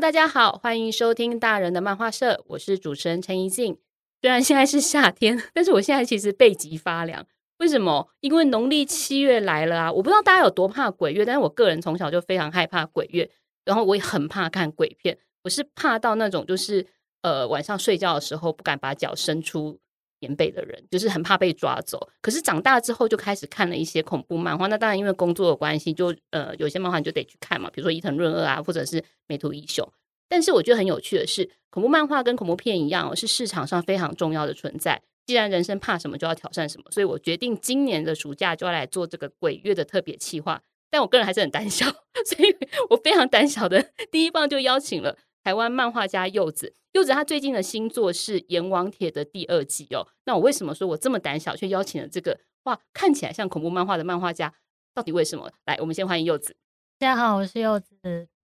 大家好，歡迎收聽大人的漫畫社，我是主持人陳怡靜。雖然現在是夏天，但是我現在其實背脊發涼。為什麼？因為農曆七月來了啊！我不知道大家有多怕鬼月，但是我個人從小就非常害怕鬼月，然後我也很怕看鬼片，我是怕到那種就是呃，晚上睡覺的時候不敢把腳伸出。年輩的人就是很怕被抓走，可是長大之後就開始看了一些恐怖漫畫。那當然，因為工作的關係，就呃有些漫畫你就得去看嘛，比如說伊藤潤二啊，或者是楳圖一雄。但是我覺得很有趣的是，恐怖漫畫跟恐怖片一樣哦，是市場上非常重要的存在。既然人生怕什麼，就要挑戰什麼，所以我決定今年的暑假就要來做這個鬼月的特別企劃。但我個人還是很膽小，所以我非常膽小的第一棒就邀請了。台灣漫畫家柚子，柚子他最近的新作是《閻王帖》的第二集哦。那我為什麼說我這麼膽小，卻邀請了這個畫看起來像恐怖漫畫的漫畫家？到底為什麼？來，我們先歡迎柚子。大家好，我是柚子。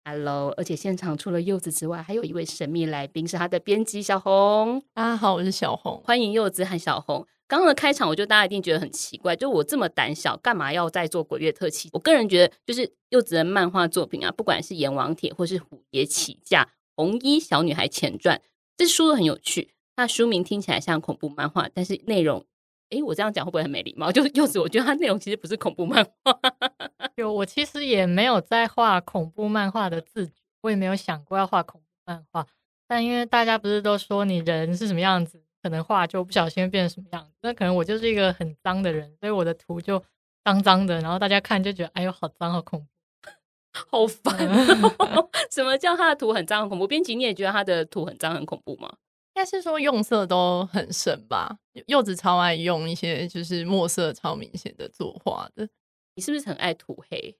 Hello，而且現場除了柚子之外，還有一位神秘來賓是他的編輯小紅。大家好，我是小紅，歡迎柚子和小紅。剛剛的開場，我就大家一定覺得很奇怪，就我這麼膽小，幹嘛要再做鬼月特輯？我個人覺得，就是柚子的漫畫作品啊，不管是《閻王帖》或是《虎爺起駕》。紅衣小女孩前傳，這書很有趣。那書名聽起來像恐怖漫畫，但是內容……哎、欸，我這樣講會不會很沒禮貌？就是柚子，我覺得它內容其實不是恐怖漫畫。 有，我其實也沒有在畫恐怖漫畫的自覺，我也沒有想過要畫恐怖漫畫。但因為大家不是都說你人是什麼樣子，可能畫就不小心變成什麼樣子。那可能我就是一個很髒的人，所以我的圖就髒髒的，然後大家看就覺得哎呦，好髒，好恐怖。好煩喔！ 什麼叫他的圖很髒很恐怖？編輯，你也覺得他的圖很髒很恐怖嗎？應該是說用色都很深吧。柚子超愛用一些就是墨色超明顯的作畫的。你是不是很愛塗黑？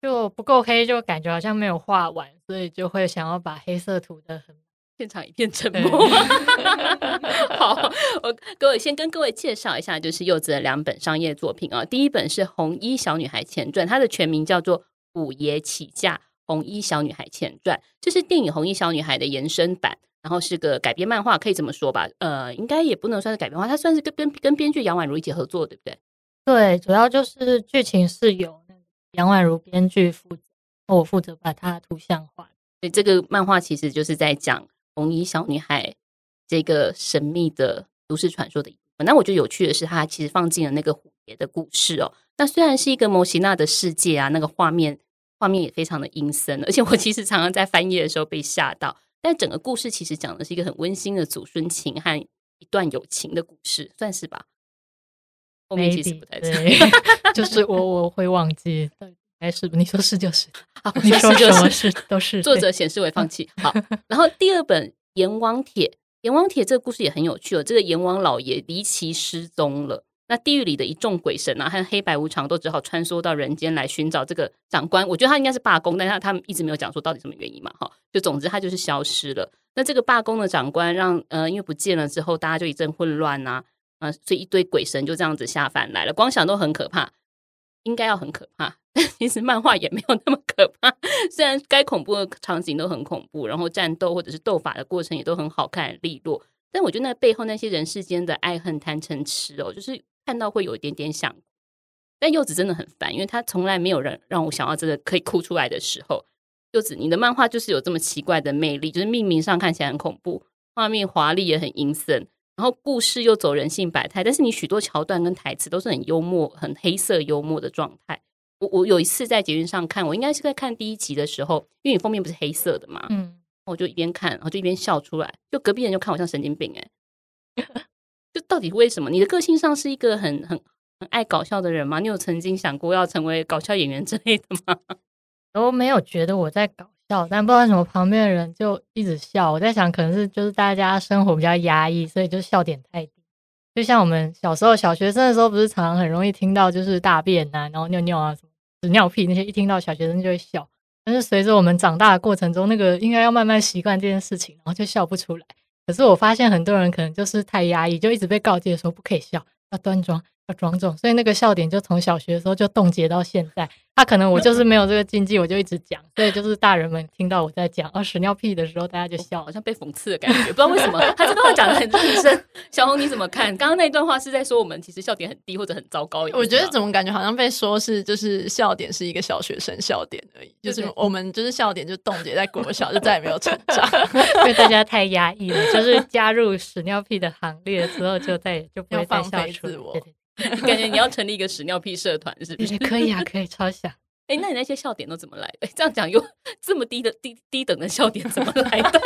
就不夠黑就感覺好像沒有畫完，所以就會想要把黑色塗得很。現場一片沉默。 好，我各位先跟各位介紹一下，就是柚子的兩本商業作品啊喔。第一本是《紅衣小女孩前傳》，它的全名叫做。虎爺起駕，《紅衣小女孩》前傳，就是電影《紅衣小女孩》的延伸版，然後是個改編漫畫，可以這麼說吧？呃，應該也不能算是改編畫，它算是跟跟跟編劇楊婉如一起合作，對不對？對，主要就是劇情是由楊婉如編劇負責，我負責把它圖像化的。所以這個漫畫其實就是在講《紅衣小女孩》這個神秘的都市傳說的一部分。那我覺得有趣的是，它其實放進了那個。別的故事哦，那雖然是一個摩西納的世界啊，那個畫面畫面也非常的陰森，而且我其實常常在翻頁的時候被嚇到。但整個故事其實講的是一個很溫馨的祖孫情和一段友情的故事，算是吧？後面其實不太對， 就是我我會忘記，哎，還是你說是就是，好，你說什麼是都是 作者顯示為放棄。好，然後第二本《閻王帖》， 《閻王帖》這個故事也很有趣哦，這個閻王老爺離奇失蹤了。那地獄裡的一眾鬼神啊，還有黑白無常都只好穿梭到人間來尋找這個長官。我覺得他應該是罷工，但是他們一直沒有講說到底什麼原因嘛，哈，就總之他就是消失了。那這個罷工的長官讓，呃，因為不見了之後，大家就一陣混亂啊，啊、呃，所以一堆鬼神就這樣子下凡來了。光想都很可怕，應該要很可怕，但其實漫畫也沒有那麼可怕。雖然該恐怖的場景都很恐怖，然後戰鬥或者是鬥法的過程也都很好看、利落，但我覺得那背後那些人世間的愛恨貪嗔癡哦，就是。看到會有一點點想哭，但柚子真的很煩，因為他從來沒有人讓，讓我想要真的可以哭出來的時候。柚子，你的漫畫就是有這麼奇怪的魅力，就是命名上看起來很恐怖，畫面華麗也很陰森，然後故事又走人性百態，但是你許多橋段跟台詞都是很幽默、很黑色幽默的狀態。我我有一次在捷運上看，我應該是在看第一集的時候，因為你封面不是黑色的嘛，嗯，我就一邊看，然後就一邊笑出來，就隔壁人就看我像神經病、欸，哎。 就到底為什麼？你的個性上是一個很很很愛搞笑的人嗎？你有曾經想過要成為搞笑演員之類的嗎？我沒有覺得我在搞笑，但不知道為什麼旁邊的人就一直笑。我在想，可能是就是大家生活比較壓抑，所以就笑點太低。就像我們小時候小學生的時候，不是常常很容易聽到就是大便啊，然後尿尿啊，什麼屎尿屁那些，一聽到小學生就會笑。但是隨着我們長大的過程中，那個應該要慢慢習慣這件事情，然後就笑不出來。可是我發現很多人可能就是太壓抑，就一直被告誡說不可以笑，要端莊。莊、啊、所以那個笑點就從小學的時候就凍結到現在。他、啊、可能我就是沒有這個禁忌，我就一直講。所 以就是大人們聽到我在講啊屎尿屁的時候，大家就笑，好像被諷刺的感覺。 不知道為什麼，他這跟我講得很認真 小紅你怎麼看？剛剛那段話是在說我們其實笑點很低或者很糟糕？我覺得怎麼感覺好像被說是就是笑點是一個小學生笑點而已，對對對就是我們就是笑點就凍結在國小， 就再也沒有成長 因為大家太壓抑了。就是加入屎尿屁的行列之後就在，就再也就不會下笑, 放肥自我。 你感覺你要成立一個屎尿屁社團是不是、欸？可以啊，可以超想。哎、 欸，那你那些笑點都怎麼來的？欸、這樣講又這麼低的低低等的笑點怎麼來的？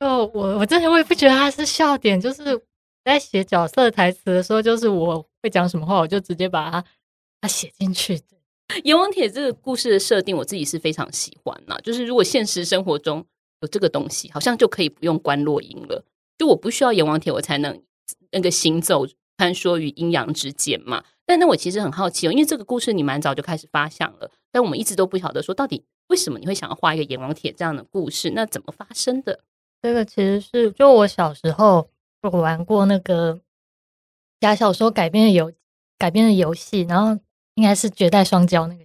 就 我我真的我也不覺得它是笑點，就是在寫角色的台詞的時候，就是我會講什麼話，我就直接把它它寫進去對。閻王帖這個故事的設定，我自己是非常喜歡吶。就是如果現實生活中有這個東西，好像就可以不用觀落陰了。就我不需要閻王帖，我才能那個行走。穿梭於陰陽之間嘛，但那我其實很好奇哦，因為這個故事你蠻早就開始發想了，但我們一直都不曉得說到底為什麼你會想要畫一個閻王帖這樣的故事，那怎麼發生的？這個其實是就我小時候我玩過那個假小說改編的遊改編的遊戲，然後應該是絕代雙驕那個，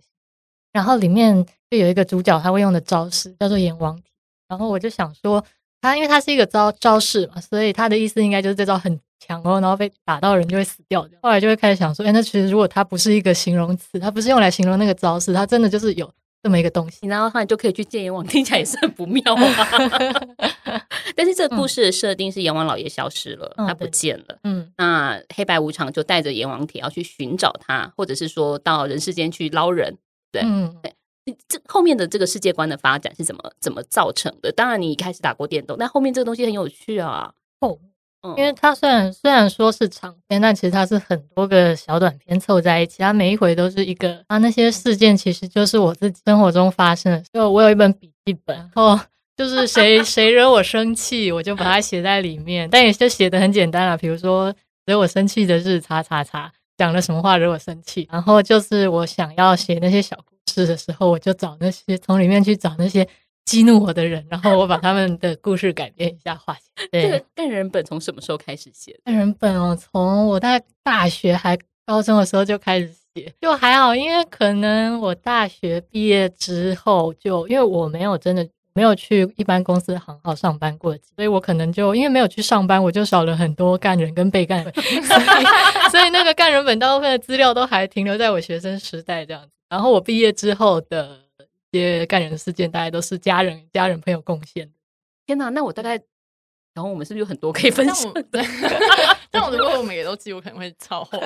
然後裡面就有一個主角他會用的招式叫做閻王帖，然後我就想說他因為他是一個招招式嘛，所以他的意思應該就是這招很。哦，然後被打到人就會死掉。後來就會開始想說，哎，那其實如果它不是一個形容詞，它不是用來形容那個招式，它真的就是有這麼一個東西。你然後後來就可以去見閻王，聽起來也是很不妙啊。 但是這個故事的設定是閻王老爺消失了，嗯，他不見了。嗯，那黑白無常就帶着閻王帖要去尋找他，或者是說到人世間去撈人。對，嗯，你這後面的這個世界觀的發展是怎麼怎麼造成的？當然，你一開始打過電動，但後面這個東西很有趣啊。哦。因為它雖然雖然說是長篇，但其實它是很多個小短篇湊在一起。它每一回都是一個，他、啊、那些事件其實就是我自己生活中發生的。就我有一本筆記本，然後就是誰 誰惹我生氣，我就把它寫在裡面。但也就寫的很簡單了，比如說惹我生氣的是，叉叉叉，講了什麼話惹我生氣。然後就是我想要寫那些小故事的時候，我就找那些從裡面去找那些。激怒我的人，然後我把他們的故事改編一下，畫。 對，這個、幹人本從什麼時候開始寫的？幹人本哦，從我在大,大學還高中的時候就開始寫，就還好，因為可能我大學畢業之後就，就因為我沒有真的沒有去一般公司行號上班過，所以我可能就因為沒有去上班，我就少了很多幹人跟被幹人， 所以所以那個幹人本大部分的資料都還停留在我學生時代這樣子。然後我畢業之後的。些感人事件，大概都是家人、家人朋友貢獻。天哪、啊，那我大概，然後我們是不是有很多可以分享？對。但我如果 我們也都自由，可能會超火。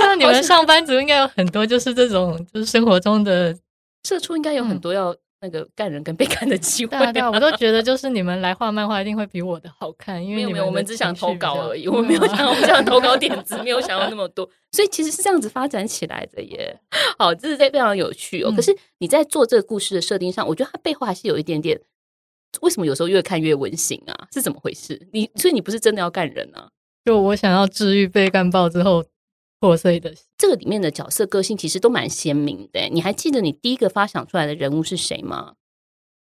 那 你們上班族應該有很多，就是這種，就是生活中的社畜應該有很多要、嗯。那個幹人跟被幹的機會， 啊啊啊、我都覺得就是你們來畫漫畫一定會比我的好看，因為 你們我們只想投稿而已，我沒有想，我們想投稿點子，沒有想要那麼多，所以其實是這樣子發展起來的耶。好，這是在非常有趣哦、喔。可是你在做這個故事的設定上，我覺得它背後還是有一點點，為什麼有時候越看越溫馨啊？是怎麼回事？你所以你不是真的要幹人啊 ？就我想要治癒被幹爆之後。破碎的這個裡面的角色個性其實都蠻鮮明的、欸。你還記得你第一個發想出來的人物是誰嗎？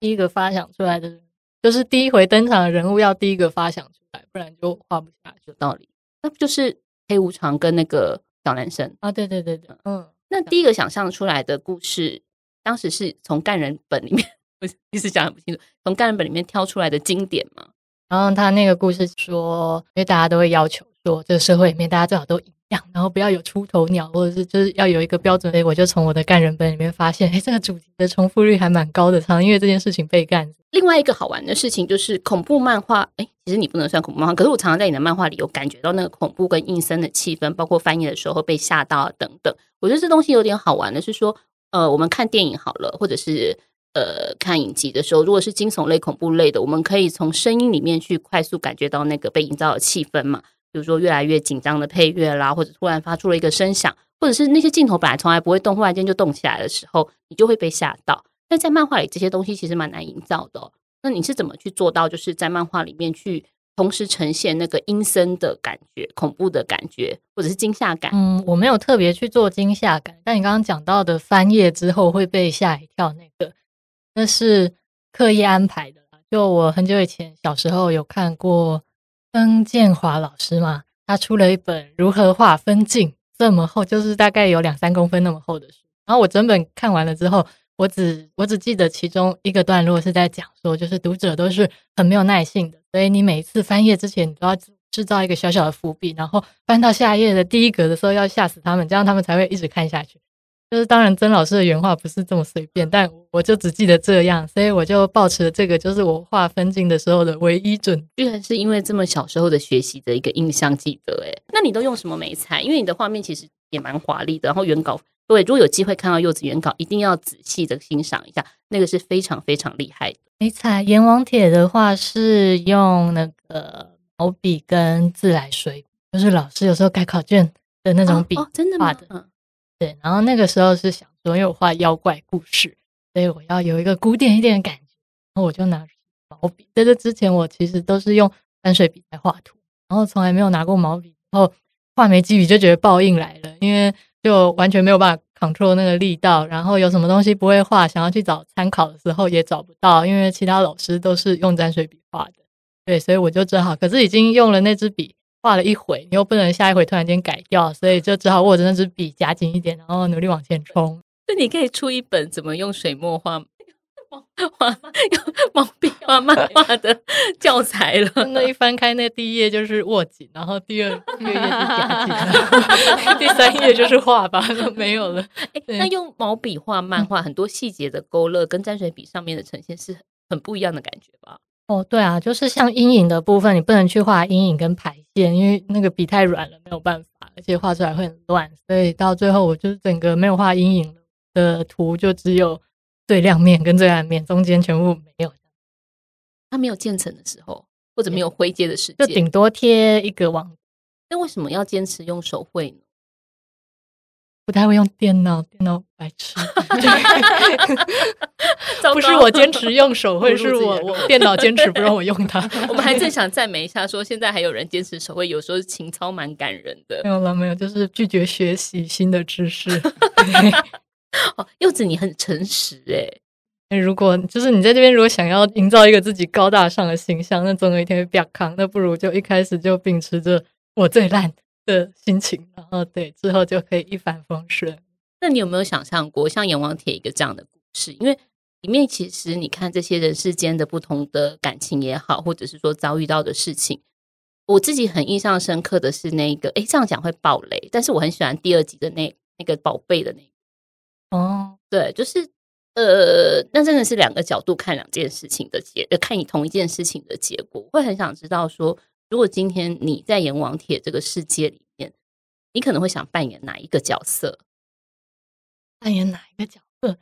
第一個發想出來的就是，就是第一回登場的人物，要第一個發想出來，不然就畫不下，就道理。那不就是黑無常跟那個小男生啊？對對對對、嗯，嗯。那第一個想象出來的故事，當時是從干人本裡面 是，我一時想不清楚，從干人本裡面挑出來的經典嘛。然後他那個故事說，因為大家都會要求說，這個社會裡面大家最好都。然後不要有出頭鳥，或者是就是要有一個標準。所以我就從我的干人本裡面發現，哎，這個主題的重複率還蠻高的。他因為這件事情被幹。另外一個好玩的事情就是恐怖漫畫，哎，其實你不能算恐怖漫畫，可是我常常在你的漫畫裡有感覺到那個恐怖跟陰森的氣氛，包括翻譯的時候被嚇到等等。我覺得這東西有點好玩的是說，呃，我們看電影好了，或者是呃看影集的時候，如果是驚悚類、恐怖類的，我們可以從聲音裡面去快速感覺到那個被營造的氣氛嘛。比如說越來越緊張的配樂啦，或者突然發出了一個聲響，或者是那些鏡頭本來從來不會動，忽然間就動起來的時候，你就會被嚇到。那在漫畫裡，這些東西其實蠻難營造的哦。那你是怎麼去做到，就是在漫畫裡面去同時呈現那個陰森的感覺、恐怖的感覺，或者是驚嚇感？嗯，我沒有特別去做驚嚇感，但你剛剛講到的翻頁之後會被嚇一跳那個，那是刻意安排的。就我很久以前小時候有看過。曾建華老師嘛，他出了一本《如何畫分鏡》，這麼厚，就是大概有兩三公分那麼厚的書。然後我整本看完了之後，我只我只記得其中一個段落是在講說，就是讀者都是很沒有耐性的，所以你每一次翻頁之前，你都要製造一個小小的伏筆，然後翻到下一頁的第一格的時候，要嚇死他們，這樣他們才會一直看下去。就是當然，曾老師的原話不是這麼隨便，但我就只記得這樣，所以我就保持了這個，就是我畫分鏡的時候的唯一準。居然是因為這麼小時候的學習的一個印象記得誒，那你都用什麼媒材？因為你的畫面其實也蠻華麗的。然後原稿，對，如果有機會看到柚子原稿，一定要仔細的欣賞一下，那個是非常非常厲害的。媒材閻王帖的話是用那個毛筆跟自來水，就是老師有時候改考卷的那種筆的、哦哦、真的嗎？嗯然後那個時候是想說，因為我畫妖怪故事，所以我要有一個古典一點的感覺，然後我就拿毛筆。在這之前我其實都是用沾水筆來畫圖，然後從來沒有拿過毛筆，然後畫沒幾筆就覺得報應來了，因為就完全沒有辦法 control 那個力道，然後有什麼東西不會畫，想要去找參考的時候也找不到，因為其他老師都是用沾水筆畫的，對，所以我就只好，可是已經用了那支筆。畫了一回，你又不能下一回突然間改掉，所以就只好握着那支筆夾緊一點，然後努力往前衝。那你可以出一本怎麼用水墨畫，畫用毛筆畫漫畫的教材了。 那一翻開那第一頁就是握緊，然後第二頁是夾緊，第二頁 第三頁就是畫吧，都沒有了。欸，那用毛筆畫漫畫，很多細節的勾勒跟沾水筆上面的呈現是很不一樣的感覺吧？哦，對啊，就是像陰影的部分，你不能去畫陰影跟排線，因為那個筆太軟了，沒有辦法，而且畫出來會很亂，所以到最後我就是整個沒有畫陰影的圖，就只有最亮面跟最暗面，中間全部沒有。它沒有漸層的時候，或者沒有灰階的時候，嗯，就頂多貼一個網。那為什麼要堅持用手繪呢？不太會用電腦，電腦白痴 不是我堅持用手繪， 是我我電腦堅持不讓我用它。 我們還正想讚美一下，說現在還有人堅持手繪，有時候情操蠻感人的。 沒有了，沒有，就是拒絕學習新的知識。 哦、柚子，你很誠實哎、欸。 如果就是你在這邊，如果想要營造一個自己高大上的形象，那總有一天會變康。那不如就一開始就秉持着我最爛。的心情，然後對，之後就可以一帆風順。那你有沒有想象過像《閻王帖》一個這樣的故事？因為裡面其實你看這些人世間的不同的感情也好，或者是說遭遇到的事情，我自己很印象深刻的是那個，誒、欸，這樣講會爆雷，但是我很喜歡第二集的那個、那個寶貝的那個，哦，對，就是呃，那真的是兩個角度看兩件事情的結、呃，看你同一件事情的結果，會很想知道說。如果今天你在閻王帖這個世界裡面，你可能會想扮演哪一個角色？扮演哪一個角色？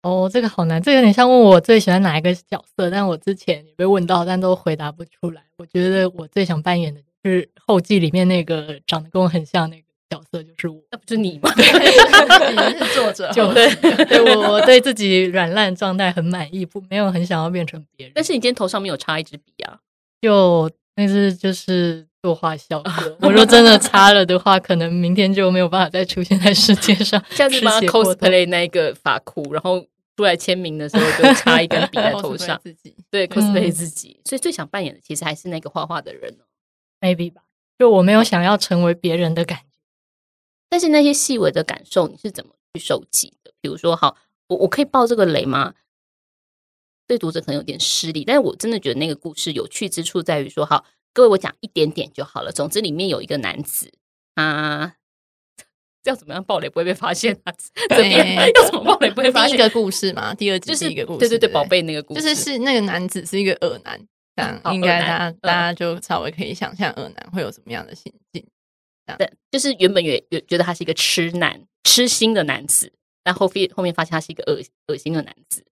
哦、oh，這個好難，這個、有點像問我最喜歡哪一個角色，但我之前也被問到，但都回答不出來。我覺得我最想扮演的就是後記裡面那個長得跟我很像那個角色，就是我。那、啊、不是你嗎？ 你是作者，就對， 對我，我對自己軟爛狀態很滿意，不沒有很想要變成別人。但是你今天頭上沒有插一支筆啊？就。那是就是作畫效、啊、果。我若真的插了的話， 可能明天就沒有辦法再出現在世界上。上 次幫 cosplay 那個髮箍，然後出來簽名的時候就插一根筆在頭上。 對 cosplay 自己，嗯。所以最想扮演的其實還是那個畫畫的人。哦。Maybe 吧，就我沒有想要成為別人的感覺。但是那些細微的感受，你是怎麼去收集的？比如說，好，我我可以爆這個雷嗎？對讀者可能有點失禮，但是我真的覺得那個故事有趣之處在於說，好，各位我講一點點就好了。總之裡面有一個男子啊，這樣怎麼樣爆雷不會被發現啊？ 這哎哎哎哎 要怎麼爆雷不會發現？第一個故事嘛，第二是一個故事。就是、對對對，對，對，寶貝那個故事，就是是那個男子是一個惡男，這樣哦、應該大家大家就稍微可以想象惡男會有什麼樣的心境。對，就是原本也也覺得他是一個痴男痴心的男子，但後非後面發現他是一個惡惡心的男子。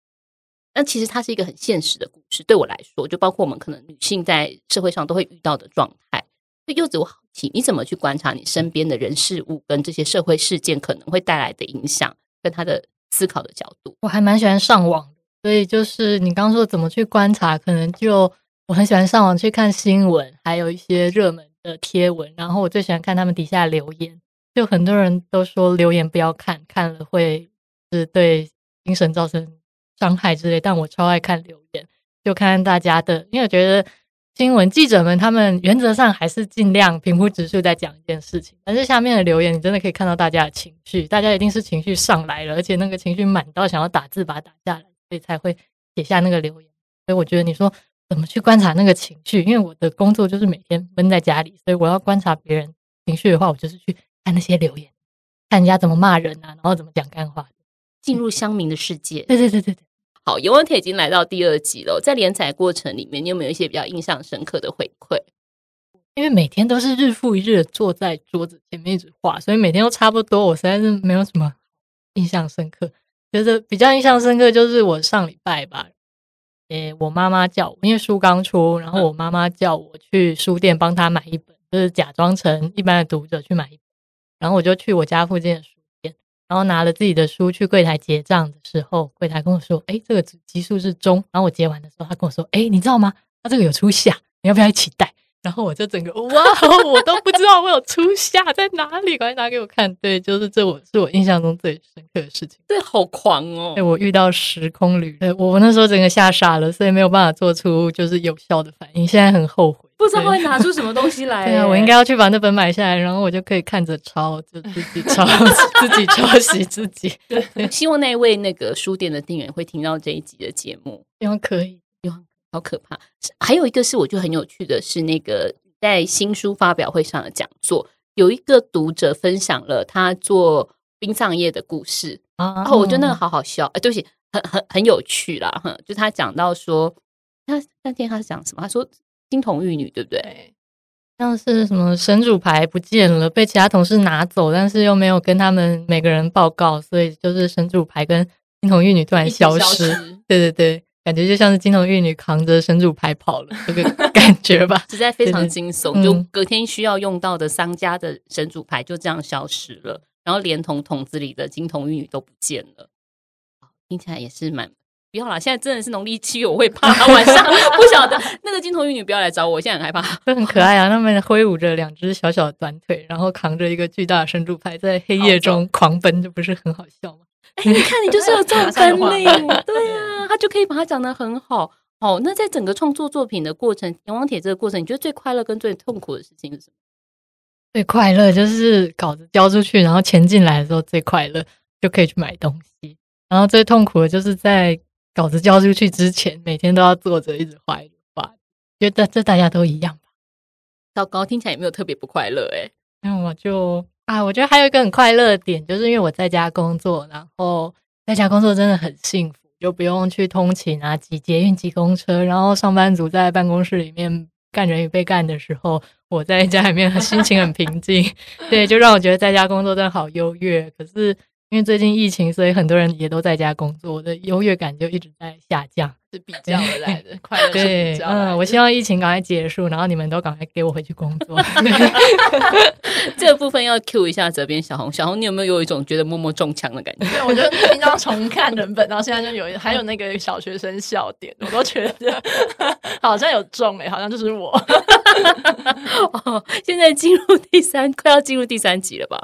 但其實它是一個很現實的故事，對我來說，就包括我們可能女性在社會上都會遇到的狀態。所以柚子，我好奇，你怎麼去觀察你身邊的人事物跟這些社會事件可能會帶來的影響，跟他的思考的角度。我還蠻喜歡上網，所以就是你剛說怎麼去觀察，可能就我很喜歡上網去看新聞，還有一些熱門的貼文，然後我最喜歡看他們底下留言，就很多人都說留言不要看，看了會是對精神造成傷害之類，但我超愛看留言，就看看大家的，因為我覺得新聞記者們他們原則上還是盡量平鋪直敘在講一件事情，但是下面的留言你真的可以看到大家的情緒，大家一定是情緒上來了，而且那個情緒滿到想要打字把它打下來，所以才會寫下那個留言。所以我覺得你說怎麼去觀察那個情緒，因為我的工作就是每天悶在家裡，所以我要觀察別人情緒的話，我就是去看那些留言，看人家怎麼罵人啊，然後怎麼講幹話，進入鄉民的世界。對對對對對。好，尤文特已經來到第二集了。在連載過程裡面，你有沒有一些比較印象深刻的回饋？因為每天都是日復一日的坐在桌子前面一直畫，所以每天都差不多。我實在是沒有什麼印象深刻。覺、就、得、是、比較印象深刻就是我上禮拜吧，誒、欸，我媽媽叫，我，因為書剛出，然後我媽媽叫我去書店幫她買一本，嗯、就是假裝成一般的讀者去買一本。然後我就去我家附近的書。然後拿了自己的書去櫃檯結賬的時候，櫃檯跟我說：“哎、欸，這個集數是中。”然後我結完的時候，他跟我說：“哎、欸，你知道嗎？他這個有出下，你要不要一起帶？”然後我就整個哇、哦，我都不知道我有出下 在哪裡，趕緊拿給我看。對，就是這我，我是我印象中最深刻的事情。這好狂哦！哎，我遇到時空旅，哎，我那時候整個嚇傻了，所以沒有辦法做出就是有效的反應，現在很後悔。不知道會拿出什麼東西來、欸對。對啊，我應該要去把那本買下來，然後我就可以看着抄，就自己抄， 自己抄襲自己。 對，對，對，希望那位那個書店的店員會聽到這一集的節目。希望可以，好可怕。還有一個是我覺得很有趣的是，那個在新書發表會上的講座，有一個讀者分享了他做殯葬業的故事啊。然、oh. 後、哦、我覺得那個好好笑，哎、呃，對不起，很很很有趣啦。就他講到說，他那天他是講什麼？他說。金童玉女對不對？像是什麼神主牌不見了，被其他同事拿走，但是又沒有跟他們每個人報告，所以就是神主牌跟金童玉女突然消失。消失，對對對，感覺就像是金童玉女扛着神主牌跑了， 這個感覺吧。實在非常驚悚，就隔天需要用到的商家的神主牌就這樣消失了，嗯，然後連同桶子裡的金童玉女都不見了。聽起來也是蠻。不要啦！現在真的是農曆七月，我會怕、啊、晚上。不曉得那個金童玉女不要來找我，我現在很害怕。很可愛啊！他們揮舞着兩隻小小的短腿，然後扛着一個巨大的深度牌，在黑夜中狂奔，就不是很好笑嗎？哎、哦、欸，你看你就是有這種本領，對啊，他就可以把它講得很好。好、哦，那在整個創作作品的過程，閻王帖這個過程，你覺得最快樂跟最痛苦的事情是什麼？最快樂就是稿子交出去，然後錢進來的時候最快樂，就可以去買東西。然後最痛苦的就是在。稿子交出去之前，每天都要坐着一直畫一直畫，覺得這大家都一樣吧。糟糕，聽起來也沒有特別不快樂。哎，那我就啊，我覺得還有一個很快樂的點，就是因為我在家工作，然後在家工作真的很幸福，就不用去通勤啊，擠捷運、擠公車，然後上班族在辦公室裡面幹人與被幹的時候，我在家裡面心情很平靜， 對，就讓我覺得在家工作真的好優越。可是。因為最近疫情，所以很多人也都在家工作，我的優越感就一直在下降，是比較來的對快樂。嗯，我希望疫情趕快結束，然後你們都趕快給我回去工作。 對 這個部分要 Q 一下這邊小紅，小紅，你有沒有有一種覺得默默中槍的感覺？對，我就經常重看人本，然後現在就有一，還有那個小學生笑點，我都覺得好像有中哎，欸，好像就是我。 哦，現在進入第三，快要進入第三集了吧？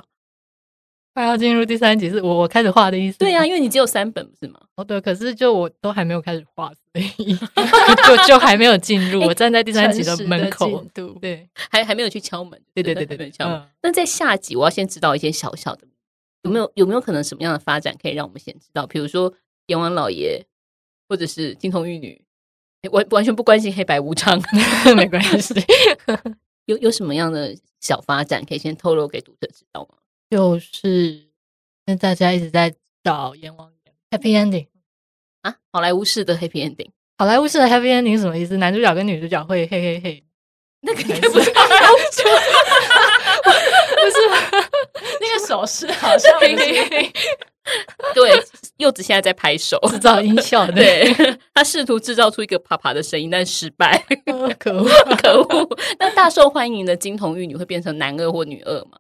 快要進入第三集，是我我開始畫的意思。對呀，因為你只有三本，不是嗎？哦，對，可是就我都還沒有開始畫，所以就就還沒有進入、 欸，我站在第三集的門口，對，還還沒有去敲門。對對對對，敲門，嗯。那在下集，我要先知道一些小小的，有沒有有沒有可能什麼樣的發展可以讓我們先知道？比如說閻王老爺，或者是金童玉女，完完全不關心黑白無常， 沒關係。 有有什麼樣的小發展可以先透露給讀者知道嗎？就是，跟大家一直在找閻王，Happy Ending，啊，好萊塢式的 Happy Ending。好萊塢式的 Happy Ending 是什麼意思？男主角跟女主角會嘿嘿嘿，那個也不是公、嗯、主，啊啊 不是， 那個手勢好像嘿嘿嘿， 對，柚子現在在拍手製造音效，對 他試圖製造出一個啪啪的聲音，但失敗，可惡 可惡，那大受歡迎的金童玉女會變成男二或女二嗎？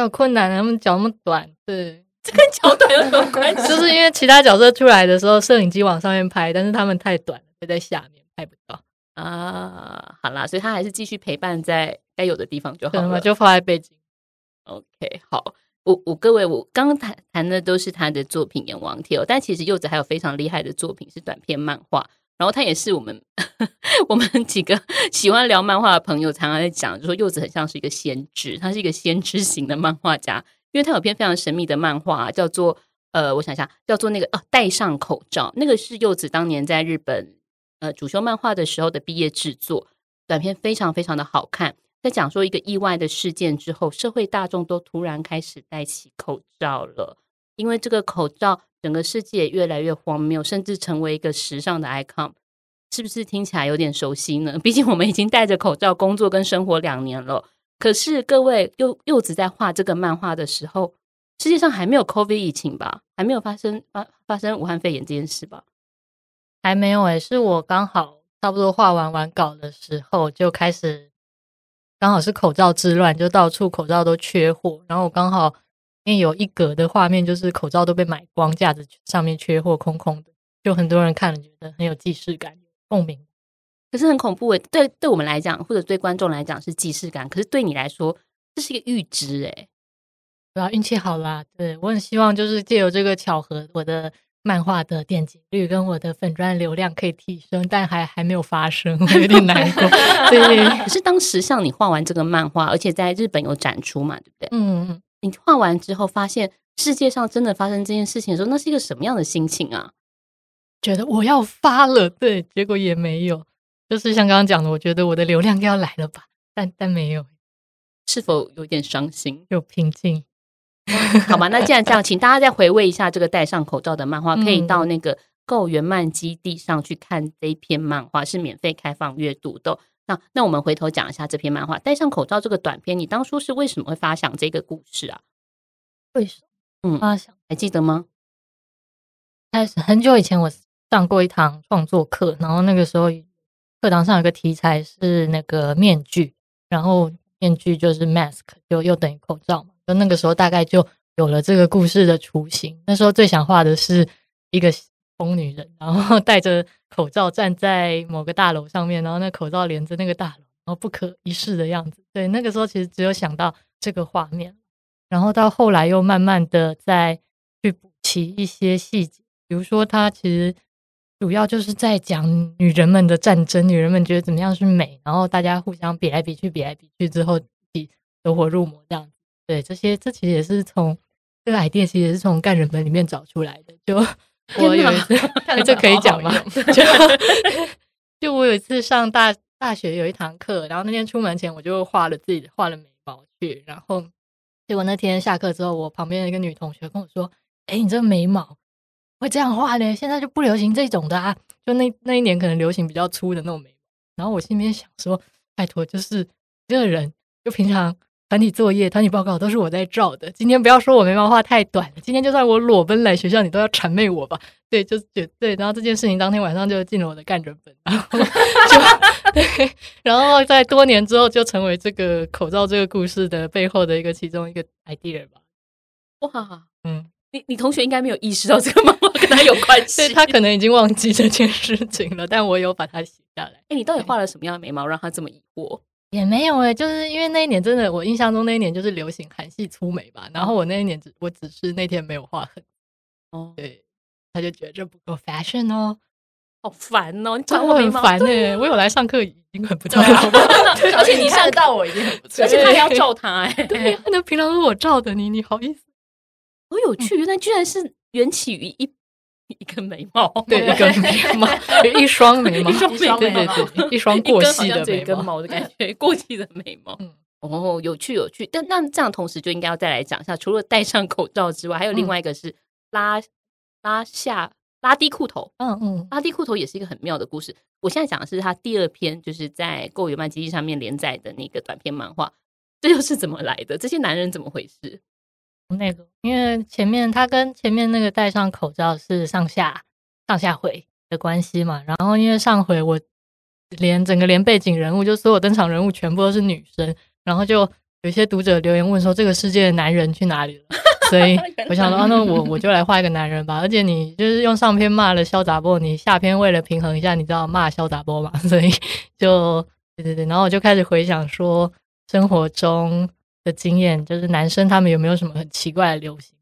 有困難，他們腳那麼短，對，這跟腳短有什麼關係？就是因為其他角色出來的時候，攝影機往上面拍，但是他們太短，會在下面拍不到啊。好啦，所以他還是繼續陪伴，在該有的地方就好了。了。對嘛？就放在背景。OK，好，我我各位，我剛剛談談的都是他的作品，閻王帖，但其實柚子還有非常厲害的作品是短篇漫畫。然後他也是我們我們幾個喜歡聊漫畫的朋友常常在講，就是、說柚子很像是一個先知，他是一個先知型的漫畫家，因為他有一篇非常神秘的漫畫、啊、叫做呃，我想一下叫做那個哦、啊，戴上口罩，那個是柚子當年在日本呃主修漫畫的時候的畢業制作短片，非常非常的好看，在講說一個意外的事件之後，社會大眾都突然開始戴起口罩了，因為這個口罩，整個世界越來越荒謬，甚至成為一個時尚的 icon，是不是聽起來有點熟悉呢？畢竟我們已經戴着口罩工作跟生活兩年了。可是各位柚、柚子在畫這個漫畫的時候，世界上還沒有 COVID 疫情吧？還沒有發生發、啊、發生武漢肺炎這件事吧？還沒有哎、欸，是我剛好差不多畫完完稿的時候就開始，剛好是口罩之亂，就到處口罩都缺貨，然後我剛好。因為有一格的畫面，就是口罩都被買光，架子上面缺貨空空的，就很多人看了覺得很有既視感、共鳴，可是很恐怖哎、欸。對，對我們來講，或者對觀眾來講是既視感，可是對你來說，這是一個預知哎、欸。要運氣好啦！對，我很希望，就是借由這個巧合，我的漫畫的點擊率跟我的粉專流量可以提升，但還還沒有發生，我 有點難過。 對，可是當時像你畫完這個漫畫，而且在日本有展出嘛，對不對？嗯嗯。你畫完之後，發現世界上真的發生這件事情的時候，那是一個什麼樣的心情啊？覺得我要發了，對，結果也沒有，就是像剛剛講的，我覺得我的流量要來了吧，但但沒有，是否有點傷心，又平靜？好吧，那既然這樣， 請大家再回味一下這個戴上口罩的漫畫，可以到那個蓋原漫基地上去看這一篇漫畫，是免費開放閱讀的。那那我們回頭講一下這篇漫畫《戴上口罩》這個短片，你當初是為什麼會發想這個故事啊？為什麼？嗯，發想，還記得嗎？開始，很久以前我上過一堂創作課，然後那個時候課堂上有個題材是那個面具，然後面具就是 mask，就又等於口罩嘛。就那個時候大概就有了這個故事的雛形。那時候最想畫的是一個。瘋女人，然後戴着口罩站在某個大樓上面，然後那口罩連着那個大樓，然後不可一世的樣子。對，那個時候其實只有想到這個畫面，然後到後來又慢慢的再去補齊一些細節，比如說他其實主要就是在講女人們的戰爭，女人們覺得怎麼樣是美，然後大家互相比來比去，比來比去之後，比走火入魔這樣子。對，這些這其實也是從這個 idea 其實也是從幹人們裡面找出來的，就。我有一次，這可以講嗎？ 就就我有一次上大大學有一堂課，然後那天出門前我就畫了自己畫了眉毛去，然後結果那天下課之後，我旁邊的一個女同學跟我說：“哎、欸，你這眉毛會這樣畫呢？現在就不流行這種的啊！”就那那一年可能流行比較粗的那種眉毛，然後我心裡面想說：“拜託，就是這個人就平常。”團體作業、團體報告都是我在照的。今天不要說我眉毛畫太短了，今天就算我裸奔來學校，你都要諂媚我吧？對，就，對。然後這件事情當天晚上就進了我的幹人本，然後 就對，然後在多年之後就成為這個口罩這個故事的背後的一個其中一個 idea 吧。哇，嗯，你你同學應該沒有意識到這個毛毛跟他有關係，他可能已經忘記這件事情了。但我有把它寫下來。哎、欸，你到底畫了什麼樣的眉毛讓他這麼疑惑？也沒有哎，就是因為那一年真的，我印象中那一年就是流行韓系粗眉嘛。然後我那一年只我只是那天沒有畫很。哦，對，oh. 他就覺得就不夠 fashion 哦，好煩哦，你知道嗎、啊？我很煩呢、欸，我有來上課已經很不重要了，而且你嚇到我已經很不，而且他還要照他哎、欸，對、啊，對啊，那平常是我照的你，你好意思？好、哦、有趣，但居然是緣起於一。一根眉毛，對，對，一根眉毛， 一雙眉毛，一雙眉毛，對對對，一雙過細的眉毛，一根一根毛的感覺，一根一根毛的感覺 過細的眉毛。哦、嗯，oh, 有趣有趣。但那這樣同時就應該要再來講一下，除了戴上口罩之外，還有另外一個是拉、嗯、拉下拉低褲頭。嗯嗯，拉低褲頭也是一個很妙的故事。嗯、我現在講的是他第二篇，就是在蓋亞原漫基地上面連載的那個短篇漫畫。這又是怎麼來的？這些男人怎麼回事？那個，因為前面他跟前面那個戴上口罩是上下上下回的關係嘛，然後因為上回我連整個連背景人物，就所有登場人物全部都是女生，然後就有些讀者留言問說這個世界的男人去哪裡了，所以我想說， 啊、那我我就來畫一個男人吧，而且你就是用上篇罵了肖雜波，你下篇為了平衡一下，你知道罵肖雜波嘛，所以就對對對，然後我就開始回想說生活中。的經驗就是男生他們有沒有什麼很奇怪的流行？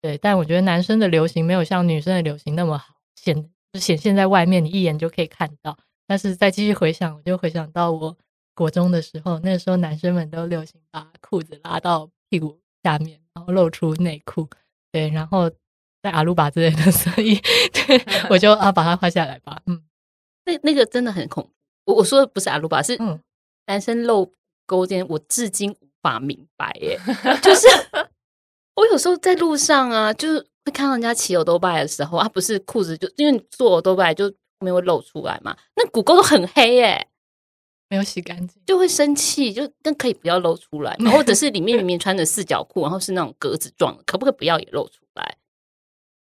對，但我覺得男生的流行沒有像女生的流行那麼好顯，就顯現在外面你一眼就可以看到。但是再繼續回想，我就回想到我國中的時候，那個時候男生們都流行把褲子拉到屁股下面，然後露出內褲。對，然後在阿魯巴之類的，所以對，我就啊，把它畫下來吧。嗯，那那個真的很恐怖。我我說的不是阿魯巴，是男生露溝間。我至今。啊！明白耶、欸，就是我有時候在路上啊，就是會看到人家騎歐多拜的時候啊，不是褲子就因為坐歐多拜就後面會露出來嘛，那股溝都很黑耶、欸，沒有洗乾淨就會生氣，就更可以不要露出來嘛， 或者是裡面裡面穿着四角褲，然後是那種格子狀，可不可以不要也露出來？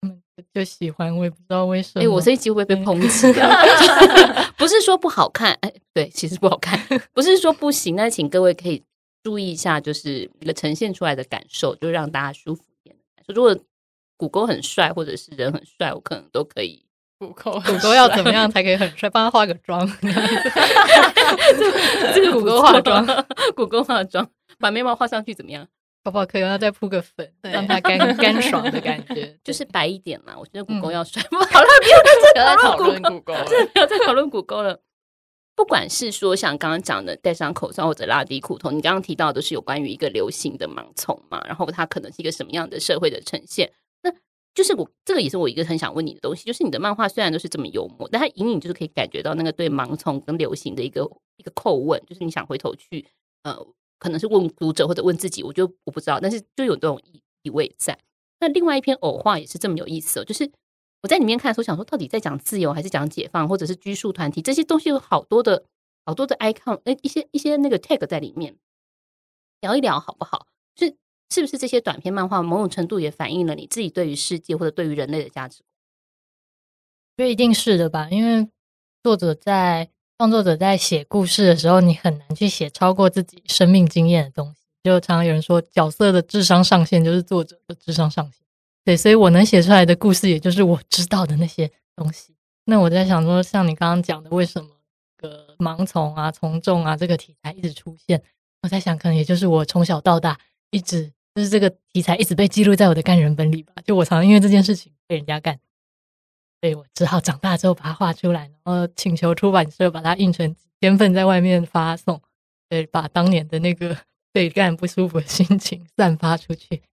嗯，就喜歡，我也不知道為什麼。哎、欸，我這一集會被抨擊， 不是說不好看，哎、欸，對，其實不好看，不是說不行，那請各位可以。注意一下，就是一個呈現出來的感受，就讓大家舒服一點。就如果谷歌很帥，或者是人很帥，我可能都可以。谷歌，谷歌要怎麼樣才可以很帥？幫 他個 化個妝。這個谷歌化妝，谷歌化妝，把眉毛畫上去怎麼樣？好不好？可以讓它再鋪個粉，讓它乾乾爽的感覺，就是白一點嘛。我覺得谷歌要帥。好了，不要再討論谷歌了， 不要再討論谷歌了。 不管是說像剛剛講的戴上口罩或者拉低褲頭，你剛剛提到的都是有關於一個流行的盲從嘛，然後它可能是一個什麼樣的社會的呈現？那就是我這個也是我一個很想問你的東西，就是你的漫畫雖然都是這麼幽默，但它隱隱就是可以感覺到那個對盲從跟流行的一個一個叩問，就是你想回頭去呃，可能是問讀者或者問自己，我就我不知道，但是就有這種意味在。那另外一篇偶畫也是這麼有意思哦，就是。我在裡面看的時候想說，到底在講自由還是講解放，或者是拘束團體？這些東西有好多的好多的 icon，一些一些那個 tag 在裡面，聊一聊好不好？是是不是這些短篇漫畫某種程度也反映了你自己對於世界或者對於人類的價值觀？一定是的吧，因為作者在創作者在寫故事的時候，你很難去寫超過自己生命經驗的東西。就常常有人說，角色的智商上限就是作者的智商上限。對，所以我能寫出來的故事，也就是我知道的那些東西。那我在想說，像你剛剛講的，為什麼個盲從啊、從眾啊這個題材一直出現？我在想，可能也就是我從小到大，一直就是這個題材一直被記錄在我的幹人本裡吧。就我常因為這件事情被人家幹，所以我只好長大之後把它畫出來，然後請求出版社把它印成千份，在外面發送，對，把當年的那個被幹不舒服的心情散發出去。